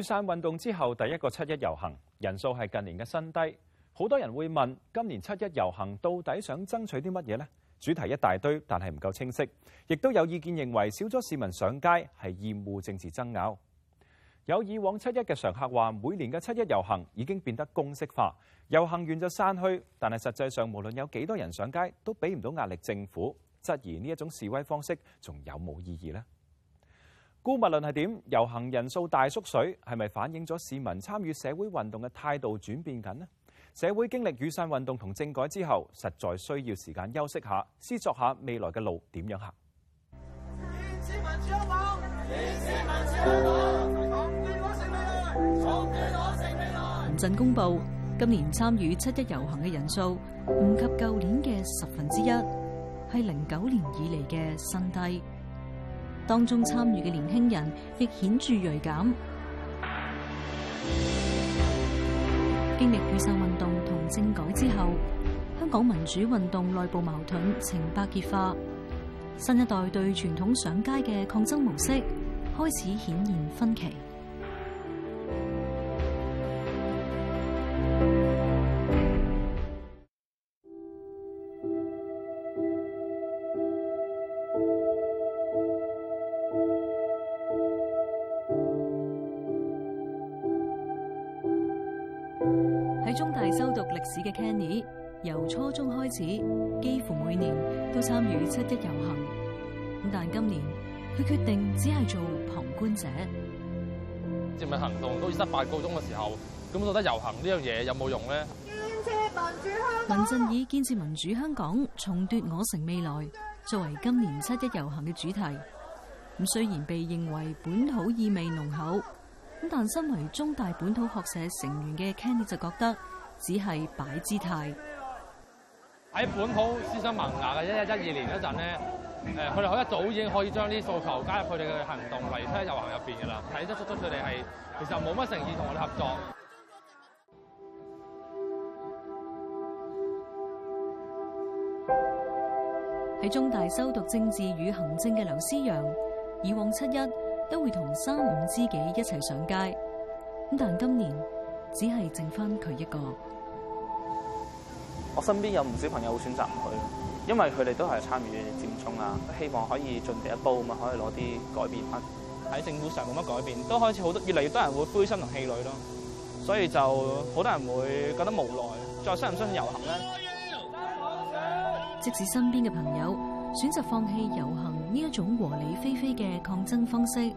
雨傘運動之後，第一個七一遊行人數係近年嘅新低，好多人會問今年七一遊行到底想爭取啲乜嘢呢？主題一大堆，但係唔夠清晰，亦都有意見認為少咗市民上街係厭惡政治爭拗。有以往七一嘅常客話，每年嘅七一遊行已經變得公式化，遊行完就散去，但係實際上無論有幾多人上街，都俾唔到壓力政府。質疑呢一種示威方式仲有冇意義呢？姑勿論係點，遊行人數大縮水，係咪反映咗市民參與社會運動嘅態度轉變緊呢？社會經歷雨傘運動同政改之後，實在需要時間休息下，思索下未來嘅路點樣行。行政公布今年參與七一遊行嘅人數唔及舊年嘅十分之一，係零九年以嚟嘅新低。當中參與嘅年輕人亦顯著銳減。經歷雨傘運動同政改之後，香港民主運動內部矛盾呈白熱化，新一代對傳統上街嘅抗爭模式開始顯現分歧。失敗告終嘅時候，咁到底遊行呢樣嘢有冇用呢？民陣以建設民主香港、重奪我城未來作為今年七一遊行嘅主題，咁雖然被認為本土意味濃厚，咁但身為中大本土學社成員嘅 Kenny 就覺得只係擺姿態。喺本土思想萌芽嘅一一一二年嗰陣咧。誒，佢哋好一早已經可以將呢啲訴求加入佢哋嘅行動、維修遊行入邊嘅啦，睇得出咗佢哋係其實冇乜誠意同我哋合作。喺中大修讀政治與行政嘅劉思洋，以往七一都會同三五知己一齊上街，咁但今年只係剩翻佢一個。我身邊有唔少朋友會選擇唔去。因為佢哋都係參與佔中啊，希望可以盡第一步，咁啊，可以攞啲改變翻。喺政府上冇乜改變，都開始好多越嚟越多人會灰心同氣餒咯，所以就好多人會覺得無奈。再想唔想遊行咧？即使身邊嘅朋友選擇放棄遊行呢一種和理非非嘅抗爭方式，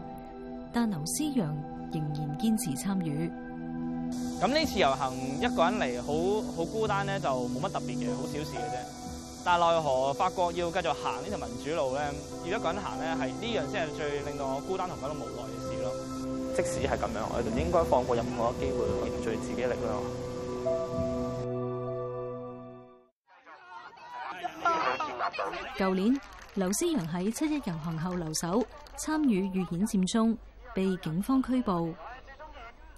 但劉思陽仍然堅持參與。咁呢次遊行一個人嚟，好好孤單咧，就冇乜特別嘅，好小事嘅啫。但奈何法國要繼續行呢條民主路咧，如果一個人行咧，係呢樣先係最令到我孤單同感到無奈嘅事咯。即使係咁樣，我唔應該放過任何一個機會凝聚自己力量。舊年劉思陽喺七一遊行後留守，參與預演佔中，被警方拘捕。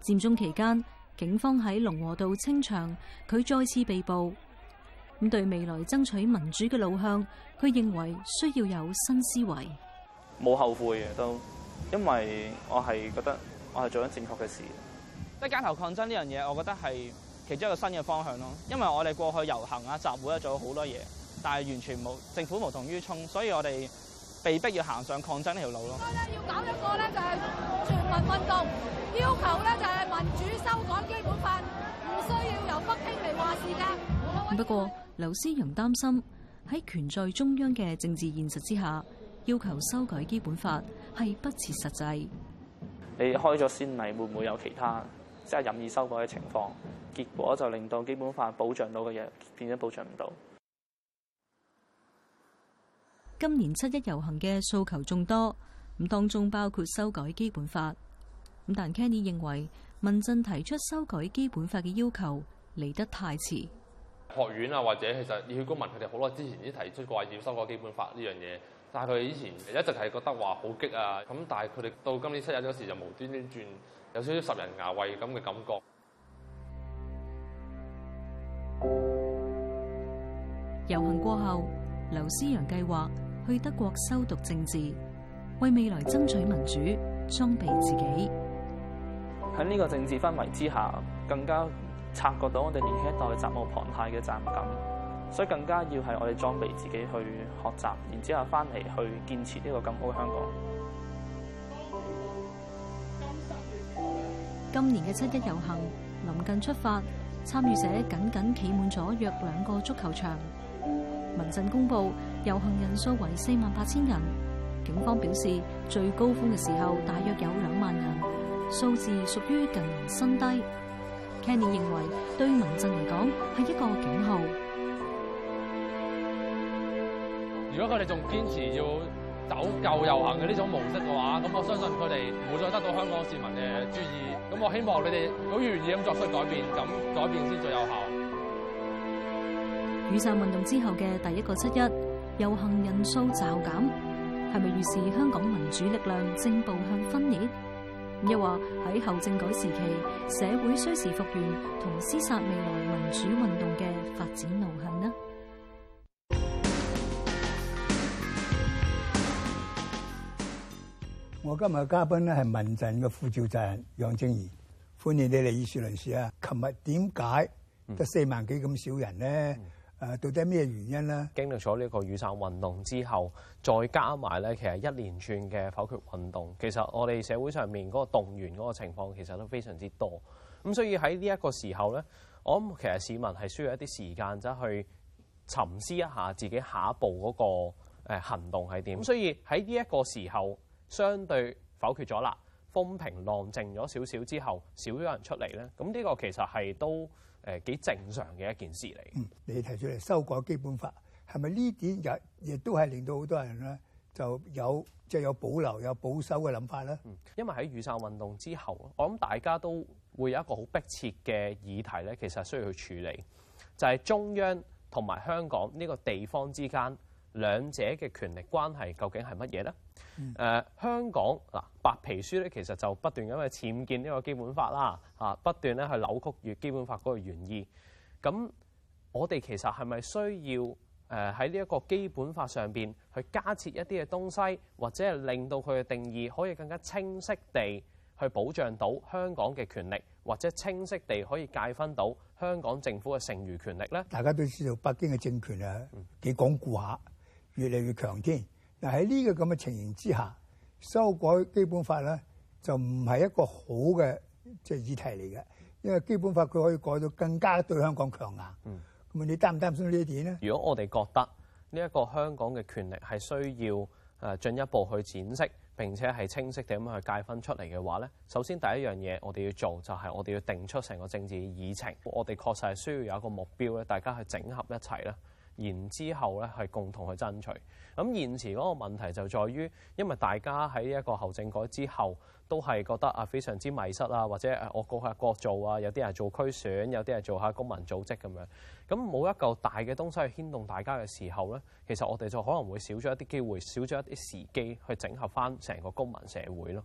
佔中期間，警方喺龍和道清場，佢再次被捕。咁對未來爭取民主嘅路向，佢認為需要有新思維。冇後悔嘅都，因為我係覺得我係做緊正確嘅事的。即係街頭抗爭呢樣嘢，我覺得係其中一個新嘅方向咯。因為我哋過去遊行啊、集會啊，做咗好多嘢，但係完全冇，政府無動於衷，所以我哋被逼要行上抗爭呢條路咯。要搞一個咧，就係全民運動，要求咧就係民主修改基本法，唔需要由北京嚟話事㗎。不過。劉思陽擔心喺權在中央嘅政治現實之下，要求修改基本法係不切實際。你開咗先例，會唔會有其他即係任意修改嘅情況？結果就令到基本法保障到嘅嘢變咗保障唔到。今年七一遊行嘅訴求眾多，咁當中包括修改基本法。咁但 Kenny 認為，民陣提出修改基本法嘅要求嚟得太遲。學院啊，或者其實熱血公民，佢哋好耐之前已經提出過話要修改基本法呢樣嘢，但係佢哋以前一直係覺得話好激啊，咁但係佢哋到今年七一嗰時就無端端轉，有少少拾人牙慧咁嘅感覺。遊行過後，劉思洋計劃去德國修讀政治，為未來爭取民主裝備自己。喺呢個政治氛圍之下，更加察覺到我哋年輕一代責無旁貸嘅責任感，所以更加要係我哋裝備自己去學習，然之後翻嚟去建設呢個咁好嘅香港。今年嘅七一遊行臨近出發，參與者僅僅企滿咗約兩個足球場。民陣公佈遊行人數為四萬八千人，警方表示最高峰嘅時候大約有兩萬人，數字屬於近年新低。聽你認為對民陣嚟講係一個警號。如果佢哋仲堅持要走舊遊行嘅呢種模式嘅話，咁我相信佢哋唔會再得到香港市民嘅注意。咁我希望你哋好願意咁作出改變，咁改變先最有效。雨傘運動之後嘅第一個七一，遊行人數驟減，係咪預示香港民主力量正步向分裂？又話喺後政改時期，社會需時復原同施殺未來民主運動嘅發展路向呢？我今日嘅嘉賓咧係民陣嘅副召集人楊政賢，歡迎你嚟議事論事啊！琴日點解得四萬幾咁少人咧？嗯誒、啊、到底咩原因咧？經歷咗呢一個雨傘運動之後，再加埋咧，其實一連串嘅否決運動，其實我哋社會上面嗰個動員嗰個情況其實都非常之多。咁所以喺呢一個時候咧，我諗其實市民係需要一啲時間，走去沉思一下自己下一步嗰個誒行動係點。咁所以喺呢一個時候，相對否決咗啦，風平浪靜咗少少之後，少咗人出嚟咧。咁呢個其實係都，誒幾正常嘅一件事嚟嘅。你提出嚟修改基本法，係咪呢點亦亦都係令到好多人咧就有即係有保留、有保守嘅諗法咧？因為喺雨傘運動之後，我諗大家都會有一個好迫切嘅議題咧，其實需要去處理，就係中央同埋香港呢個地方之間。兩者嘅權力關係究竟係乜嘢呢、嗯呃？香港嗱、啊、白皮書咧，其實就不斷咁去僭建呢個基本法啦，啊、不斷咧去扭曲與基本法嗰個原意。咁我哋其實係咪需要誒喺呢一個基本法上邊去加設一啲嘅東西，或者係令到佢嘅定義可以更加清晰地去保障到香港嘅權力，或者清晰地可以界分到香港政府嘅剩餘權力呢？大家都知道北京嘅政權啊，幾講顧下。越嚟越強添。嗱，喺呢個咁嘅情形之下，修改基本法咧就唔係一個好嘅即係議題嚟嘅，因為基本法佢可以改到更加對香港強硬。嗯，咁啊，你擔唔擔心呢一點咧？如果我哋覺得呢一個香港嘅權力係需要誒進一步去展釋，並且係清晰地咁樣去界分出嚟嘅話咧，首先第一樣嘢我哋要做就係我哋要定出成個政治的議程。我哋確實係需要有一個目標咧，大家去整合一齊咧。然之後咧，係共同去爭取。咁現時嗰個問題就在於，因為大家喺一個後政改之後，都係覺得啊非常之迷失啊，或者我各個下各個做啊，有啲人做區選，有啲人做下公民組織咁樣。咁冇一個大嘅東西去牽動大家嘅時候咧，其實我哋就可能會少咗一啲機會，少咗一啲時機去整合翻成個公民社會咯。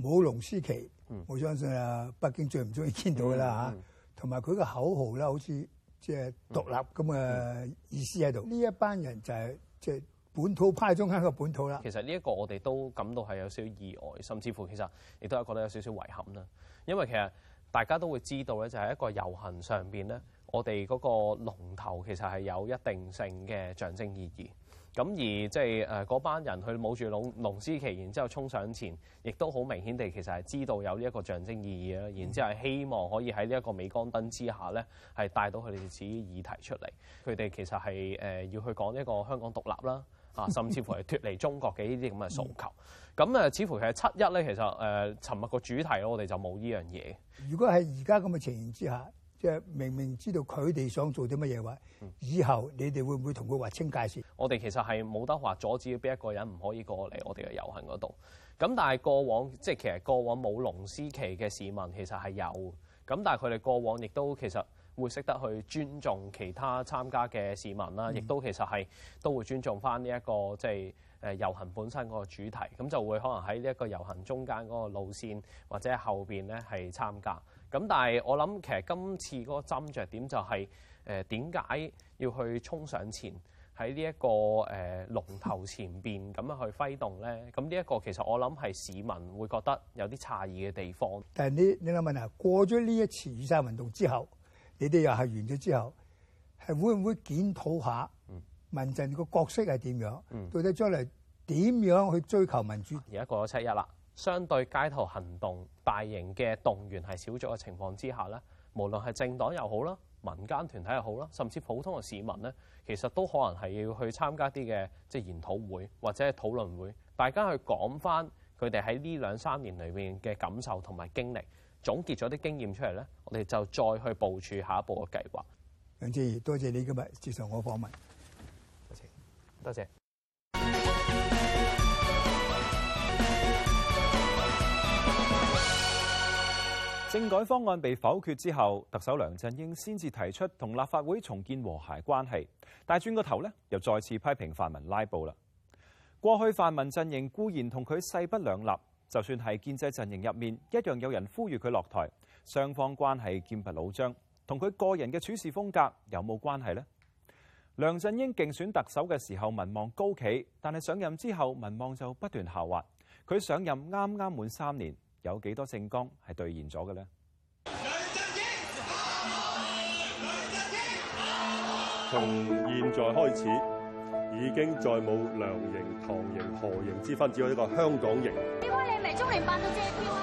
冇龍思琪，嗯，我相信啊，北京最唔中意見到噶啦嚇。同埋佢嘅口號咧，好似。即係獨立咁嘅意思喺度，呢一班人就係即係本土派中間嘅本土啦。其實呢一個我哋都感到係有少少意外，甚至乎其實亦都係覺得有少少遺憾啦。因為其實大家都會知道咧，就係一個遊行上邊咧，我哋嗰個龍頭其實係有一定性嘅象徵意義。咁而即係嗰班人去，佢舞住龍龍獅旗，然之後衝上前，亦都好明顯地其實係知道有呢一個象徵意義啦。然之後希望可以喺呢一個美光燈之下咧，係帶到佢哋啲議題出嚟。佢哋其實係、呃、要去講呢一個香港獨立啦、啊，甚至乎係脫離中國嘅呢啲咁嘅訴求。咁 似乎係七一咧，其實誒尋日個主題我哋就冇呢樣嘢。如果係而家咁嘅情形之下。即係明明知道佢哋想做啲乜嘢話，以後你哋會唔會同佢劃清界線？我哋其實係冇得話阻止要邊一個人唔可以過嚟我哋嘅遊行嗰度。咁但係過往即係其實過往冇龍獅旗嘅市民其實係有。咁但係佢哋過往亦都其實會識得去尊重其他參加嘅市民啦，亦、嗯、都其實係都會尊重翻呢一個即係誒遊行本身嗰個主題。咁就會可能喺呢一個遊行中間嗰個路線或者後邊咧係參加。咁但係我諗其實今次個斟酌點就係誒點解要去衝上前喺呢一個誒龍頭前邊咁樣去揮動咧？咁呢一個其實我諗係市民會覺得有啲詫異嘅地方。但係你你諗問下，過咗呢一次雨傘運動之後，你哋又係完咗之後，係會唔會檢討下民陣個角色係點樣，嗯、到底將來點樣去追求民主？而家過咗七一啦。相對街頭行動、大型嘅動員係少咗嘅情況之下咧，無論係政黨又好啦，民間團體又好啦，甚至普通嘅市民咧，其實都可能係要去參加啲嘅即係研討會或者係討論會，大家去講返佢哋喺呢兩三年裏面嘅感受同埋經歷，總結咗啲經驗出嚟咧，我哋就再去部署下一步嘅計劃。楊政賢，多謝你今日接受我訪問，多謝，多謝。政改方案被否決之後，特首梁振英先至提出同立法會重建和諧關係，但轉個頭呢，又再次批評泛民拉布啦。過去泛民陣營固然同佢勢不兩立，就算係建制陣營入面，一樣有人呼籲佢落台，雙方關係劍拔弩張，同佢個人嘅處事風格有冇關係呢？梁振英競選特首嘅時候，民望高企，但係上任之後民望就不斷下滑。佢上任啱啱滿三年。有幾多政綱係兌現咗嘅呢？梁振英，從現在開始已經再冇梁型、唐型、何型之分，只有一個香港型。點解你唔係中聯辦度借票啊？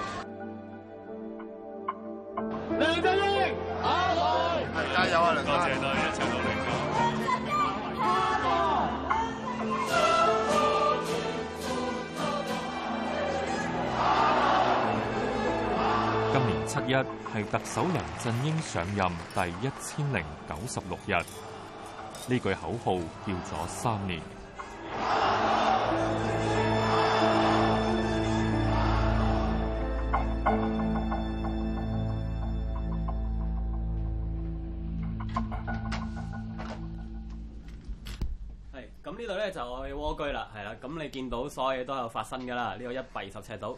七一係特首梁振英上任第一千零九十六日，呢句口號叫咗三年。係咁呢度咧就係蝸居啦，係啦，咁你見到所有嘢都有發生噶啦，呢個一百二十尺度。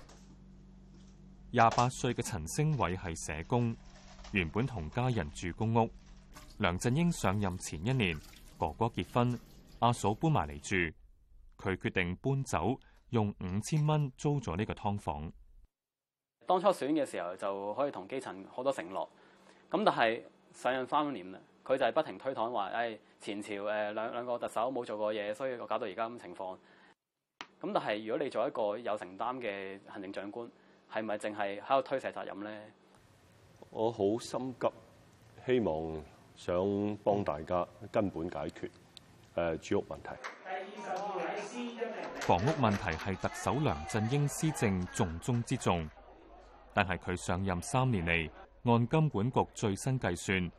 廿八歲嘅陳星偉係社工，原本同家人住公屋。梁振英上任前一年，哥哥結婚，阿嫂搬埋嚟住，佢決定搬走，用五千蚊租咗呢個劏房。當初選嘅時候就可以同基層好多承諾，咁但係上任三年啦，佢就係不停推搪話：誒，前朝誒兩兩個特首冇做過嘢，所以我搞到而家咁情況。咁但係如果你做一個有承擔嘅行政長官。係咪淨係喺度推卸責任呢？我好心急，希望想幫大家根本解決誒住屋問題。房屋問題係特首梁振英施政重中之重，但係佢上任三年嚟，按金管局最新計算，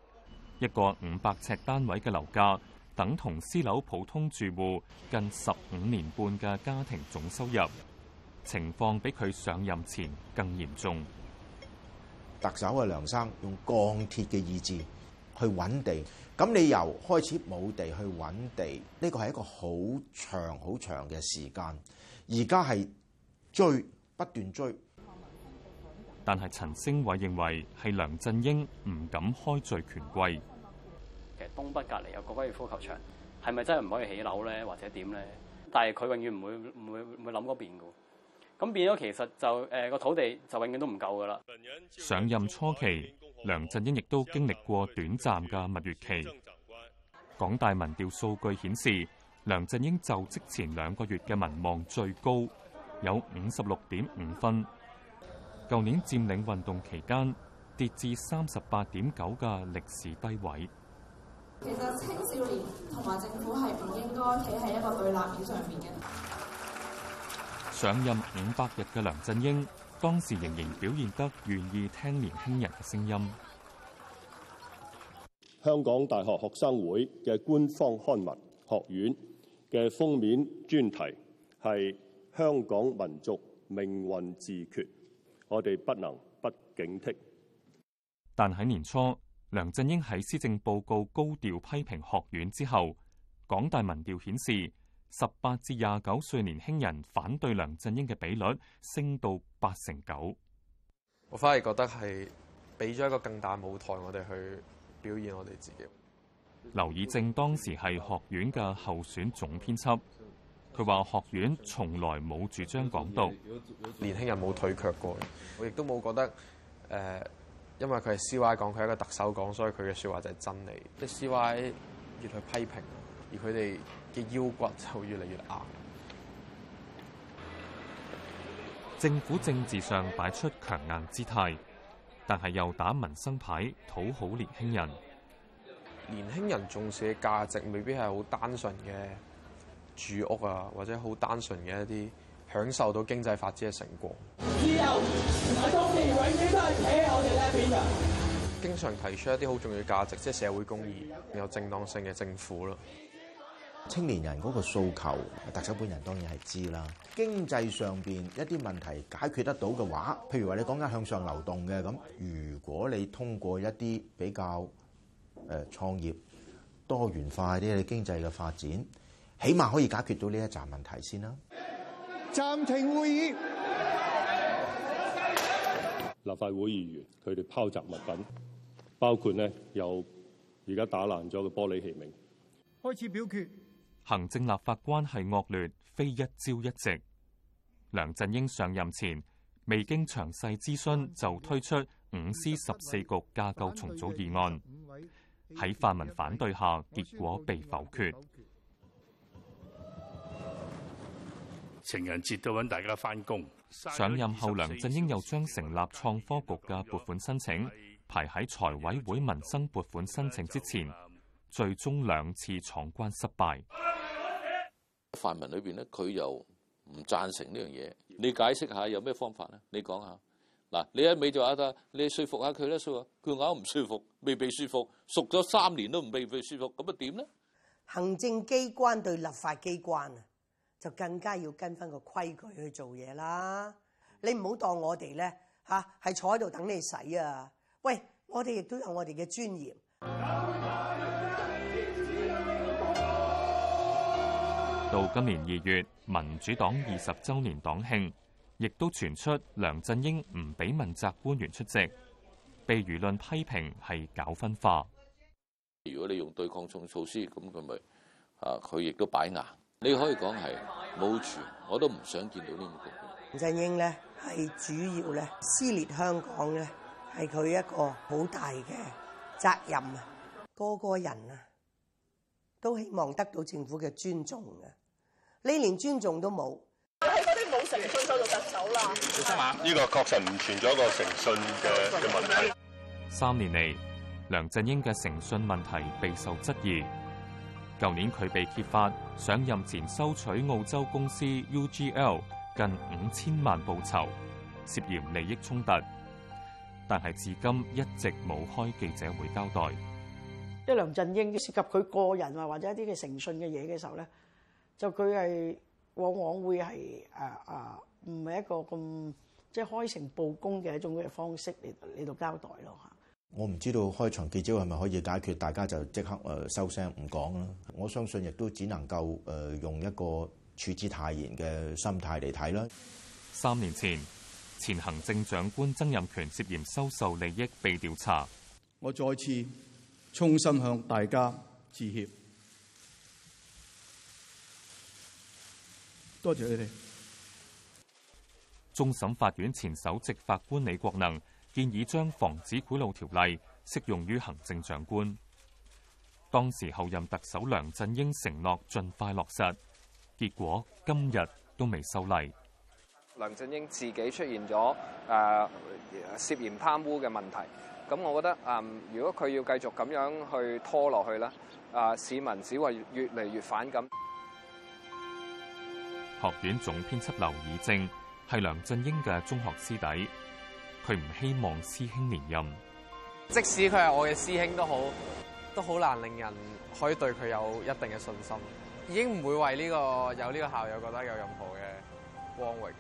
一個五百尺單位嘅樓價，等同私樓普通住戶近十五年半嘅家庭總收入。情況比佢上任前更嚴重。特首嘅梁生用鋼鐵嘅意志去揾地，咁你由開始冇地去揾地，呢個係一個好長好長嘅時間。而家係追，不斷追。但係陳星偉認為係梁振英唔敢開罪權貴。其實東北隔離有個哥爾夫球場，係咪真係唔可以起樓咧，或者點咧？但係佢永遠唔會唔會唔會諗嗰邊嘅。咁變咗其實就誒個、呃、土地就永遠都唔夠噶啦。上任初期，梁振英亦都經歷過短暫嘅蜜月期。港大民調數據顯示，梁振英就職前兩個月嘅民望最高，有五十六點五分。舊年佔領運動期間，跌至三十八點九嘅歷史低位。其實青少年同埋政府係唔應該企喺一個對立面上面嘅。上任五百日嘅梁振英，當時仍然表現得願意聽年輕人嘅聲音。香港大學學生會嘅官方刊物《學院》嘅封面專題係香港民族命運自決，我哋不能不警惕。但喺年初，梁振英喺施政報告高調批評學院之後，港大民調顯示。十八至廿九歲年輕人反對梁振英嘅比率升到八成九。我反而覺得係俾咗一個更大舞台，我哋去表演我哋自己。劉以正當時係學院嘅候選總編輯，佢話學院從來冇主張講道，年輕人冇退卻過，我亦都冇覺得誒，因為佢係 C Y 講，佢係一個特首講，所以佢嘅說話就係真理。啲 C Y 要去批評，而佢哋。嘅腰骨就越嚟越硬。政府政治上擺出強硬姿態，但係又打民生牌，討好年輕人。年輕人重視嘅價值未必係好單純嘅住屋啊，或者好單純嘅一啲享受到經濟發展嘅成果。自由同埋公平永遠都係企喺我哋側邊嘅。經常提出一啲好重要嘅價值，即係社會公義，有正當性嘅政府咯。青年人嗰個訴求，特首本人當然係知啦。經濟上邊一啲問題解決得到嘅話，譬如話你講緊向上流動嘅咁，如果你通過一啲比較誒、呃、創業多元化啲嘅經濟嘅發展，起碼可以解決到呢一陣問題先啦。暫停會議，立法會議員佢哋拋擲物品，包括咧有而家打爛咗嘅玻璃器皿，開始表決。行政立法關係惡劣，非一朝一夕。梁振英上任前未經詳細諮詢就推出五司十四局架構重組議案，喺泛民反對下，結果被否決。情人節都搵大家返工。上任後，梁振英又將成立創科局嘅撥款申請排喺財委會民生撥款申請之前，最終兩次闖關失敗。泛民裏邊咧，佢又唔贊成呢樣嘢。你解釋下有咩方法咧？你講下嗱，你一味就話得，你說服下佢啦，佢佢話唔舒服，未必舒服，熟咗三年都唔未必舒服，咁啊點咧？行政機關對立法機關啊，就更加要跟翻個規矩去做嘢啦。你唔好當我哋咧吓，係坐喺度等你洗啊！喂，我哋亦都有我哋嘅尊嚴。到今年二月，民主黨二十週年黨慶，亦都傳出梁振英唔俾問責官員出席，被輿論批評係搞分化。如果你用對抗性措施，咁佢咪啊？佢亦都擺難。你可以講係冇權，我都唔想見到呢個局面。梁振英呢係主要呢撕裂香港呢，係佢一個好大嘅責任啊！個個人啊都希望得到政府嘅尊重啊！你連尊重都冇，喺嗰啲冇誠信做到特首啦。呢個確實唔存咗個誠信嘅嘅問題。三年嚟，梁振英嘅誠信問題備受質疑。舊年佢被揭發上任前收取澳洲公司 UGL 近五千萬報酬，涉嫌利益衝突，但係至今一直冇開記者會交代。即係梁振英涉及佢個人啊，或者一啲嘅誠信嘅嘢嘅時候咧。就佢係往往會，係誒誒，唔、啊、係一個咁即係開誠布公嘅一種嘅方式嚟嚟到交代咯。吓，我唔知道開場結招係咪可以解決？大家就即刻誒收聲唔講啦我相信亦都只能夠誒、呃、用一個處之泰然嘅心態嚟睇啦。三年前，前行政長官曾蔭權涉嫌收受利益被調查。我再次衷心向大家致歉。多謝，謝你哋。終審法院前首席法官李國能建議將《防止賄賂條例》適用於行政長官。當時候任特首梁振英承諾盡快落實，結果今日都未修例。梁振英自己出現咗誒涉嫌貪污嘅問題，咁我覺得誒，如果佢要繼續咁樣拖下去拖落去啦，啊市民只會越嚟越反感。學院總編輯劉以正係梁振英嘅中學師弟，佢唔希望師兄連任，即使佢係我嘅師兄都好，都好難令人可以對佢有一定嘅信心，已經唔會為呢個有呢個校友覺得有任何嘅光榮。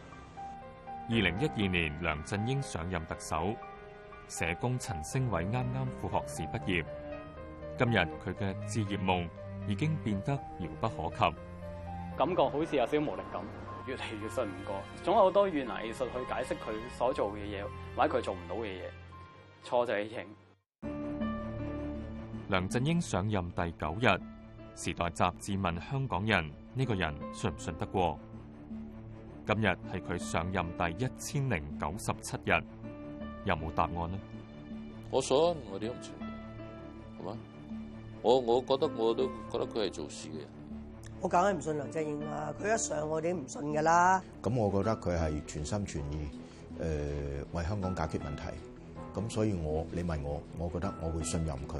二零一二年梁振英上任特首，社工陳星偉啱啱副學士畢業，今日佢嘅置業夢已經變得遙不可及。感覺好似有少無力感，越嚟越信唔過。總有好多粵難藝術去解釋佢所做嘅嘢，或者佢做唔到嘅嘢。錯就係認。梁振英上任第九日，《時代雜誌》問香港人呢個人信唔信得過？今日係佢上任第一千零九十七日，有冇答案呢？我想我點做？係嘛？我我，我覺得我都覺得佢係做事嘅人。我梗係唔信梁振英啦，佢一上我哋唔信㗎啦。咁我覺得佢係全心全意，誒、呃、為香港解決問題。咁所以我你問我，我覺得我會信任佢。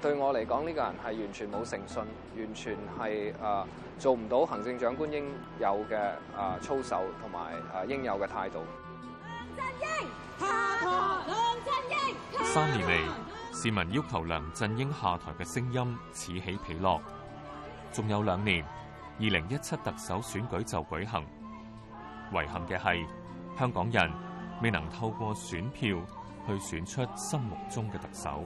對我嚟講，呢、這個人係完全冇誠信，完全係、呃、做唔到行政長官應有嘅、呃、操守同埋、呃、應有嘅態度。梁振英下台！梁振英三年嚟，市民要求梁振英下台嘅聲音此起彼落。仲有兩年，二零一七特首選舉就舉行。遺憾嘅係，香港人未能透過選票去選出心目中嘅特首。